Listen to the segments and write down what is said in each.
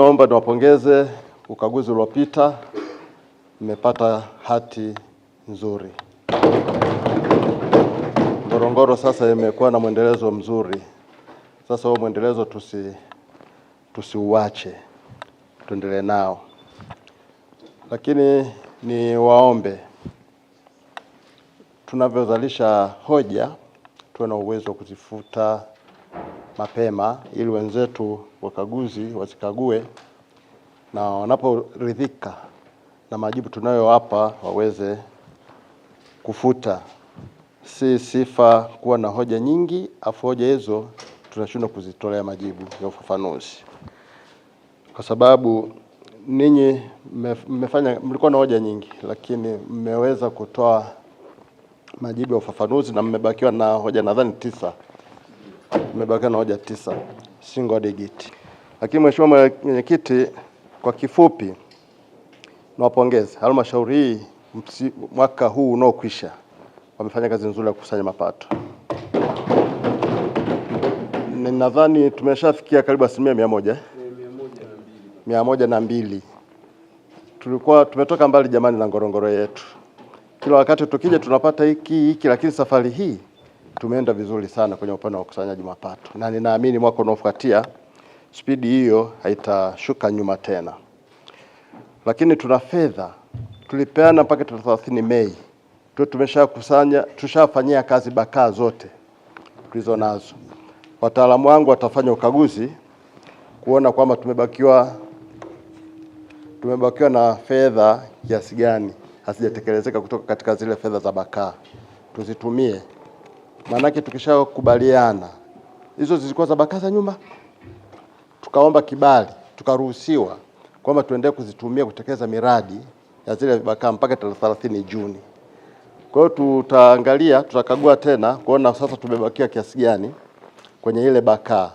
Naomba niwapongeze ukaguzi uliopita, mmepata hati nzuri. Ngorongoro sasa imekuwa na mwendelezo mzuri. Sasa huo mwendelezo tusi tusiuache, tuendelee nao, lakini ni waombe tunavyozalisha hoja tuwe na uwezo wa kuzifuta mapema ili wenzetu wakaguzi wazikague na wanaporidhika na majibu tunayowapa waweze kufuta. Si sifa kuwa na hoja nyingi afu hoja hizo tunashindwa kuzitolea majibu ya ufafanuzi, kwa sababu ninyi mmefanya, mlikuwa na hoja nyingi, lakini mmeweza kutoa majibu ya ufafanuzi na mmebakiwa na hoja nadhani tisa umebakia na hoja tisa hadi giti. Lakini mheshimiwa mwenyekiti, kwa kifupi, nawapongeza halmashauri hii mwaka huu unaokwisha wamefanya kazi nzuri ya kukusanya mapato. Ninadhani tumeshafikia karibu asilimia mia moja mia moja na mbili. Tulikuwa tumetoka mbali jamani na Ngorongoro yetu, kila wakati tukija tunapata hiki hiki, lakini safari hii tumeenda vizuri sana kwenye upande wa ukusanyaji mapato, na ninaamini mwaka unaofuatia spidi hiyo haitashuka nyuma tena. Lakini tuna fedha tulipeana mpaka tarehe 30 Mei, tu tumeshakusanya, tushafanyia kazi bakaa zote tulizo nazo. Wataalamu wangu watafanya ukaguzi kuona kwamba tumebakiwa tumebakiwa na fedha kiasi gani hazijatekelezeka kutoka katika zile fedha za bakaa, tuzitumie Maanake tukishakubaliana, hizo zilikuwa za Bakata nyumba, tukaomba kibali, tukaruhusiwa kwamba tuendelee kuzitumia kutekeleza miradi ya zile Bakata mpaka tarehe 30 Juni. Kwa hiyo tutaangalia, tutakagua tena kuona sasa tumebakia kiasi gani kwenye ile bakaa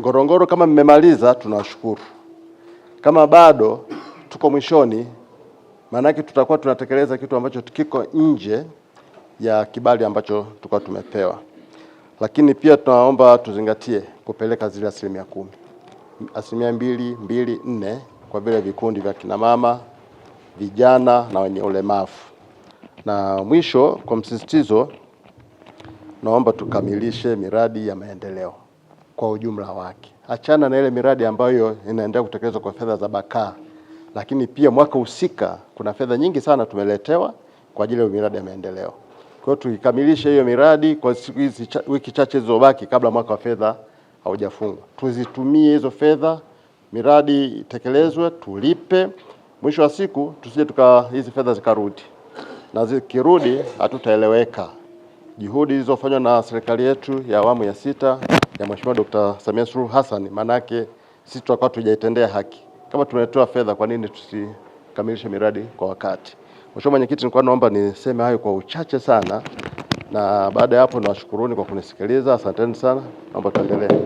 Ngorongoro kama mmemaliza, tunawashukuru. Kama bado tuko mwishoni, maanake tutakuwa tunatekeleza kitu ambacho kiko nje ya kibali ambacho tulikuwa tumepewa, lakini pia tunaomba tuzingatie kupeleka zile asilimia kumi, asilimia mbili mbili nne kwa vile vikundi vya mama, vijana na wenye ulemavu. Na mwisho kwa msisitizo, naomba tukamilishe miradi ya maendeleo kwa ujumla wake, achana na ile miradi ambayo inaendelea kutekelezwa kwa fedha za Bakaa, lakini pia mwaka husika kuna fedha nyingi sana tumeletewa kwa ajili ya miradi ya maendeleo. Kwa hiyo tuikamilishe hiyo miradi kwa siku hizi wiki chache zilizobaki kabla mwaka wa fedha haujafungwa, tuzitumie hizo fedha, miradi itekelezwe, tulipe. Mwisho wa siku tusije tuka hizi fedha zikarudi, na zikirudi hatutaeleweka. Juhudi zilizofanywa na serikali yetu ya awamu ya sita ya Mheshimiwa Dkt. Samia Suluhu Hassan, maanake sisi tutakuwa tujaitendea haki. Kama tumetoa fedha, kwa nini tusi kukamilisha miradi kwa wakati. Mheshimiwa Mwenyekiti, nilikuwa naomba niseme hayo kwa uchache sana, na baada ya hapo nawashukuruni kwa kunisikiliza. Asanteni sana, naomba tuendelee.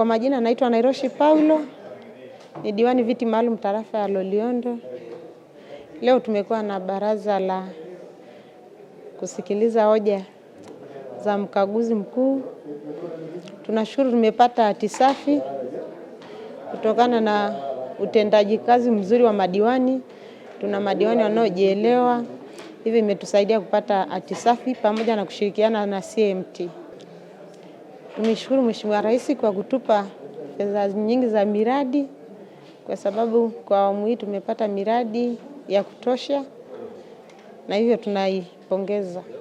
Kwa majina naitwa Nairoshi Paulo, ni diwani viti maalum tarafa ya Loliondo. Leo tumekuwa na baraza la kusikiliza hoja za mkaguzi mkuu. Tunashukuru tumepata hati safi kutokana na utendaji kazi mzuri wa madiwani. Tuna madiwani wanaojielewa, hivi imetusaidia kupata hati safi pamoja na kushirikiana na CMT. Tumeshukuru Mheshimiwa Rais kwa kutupa fedha nyingi za miradi, kwa sababu kwa awamu hii tumepata miradi ya kutosha, na hivyo tunaipongeza.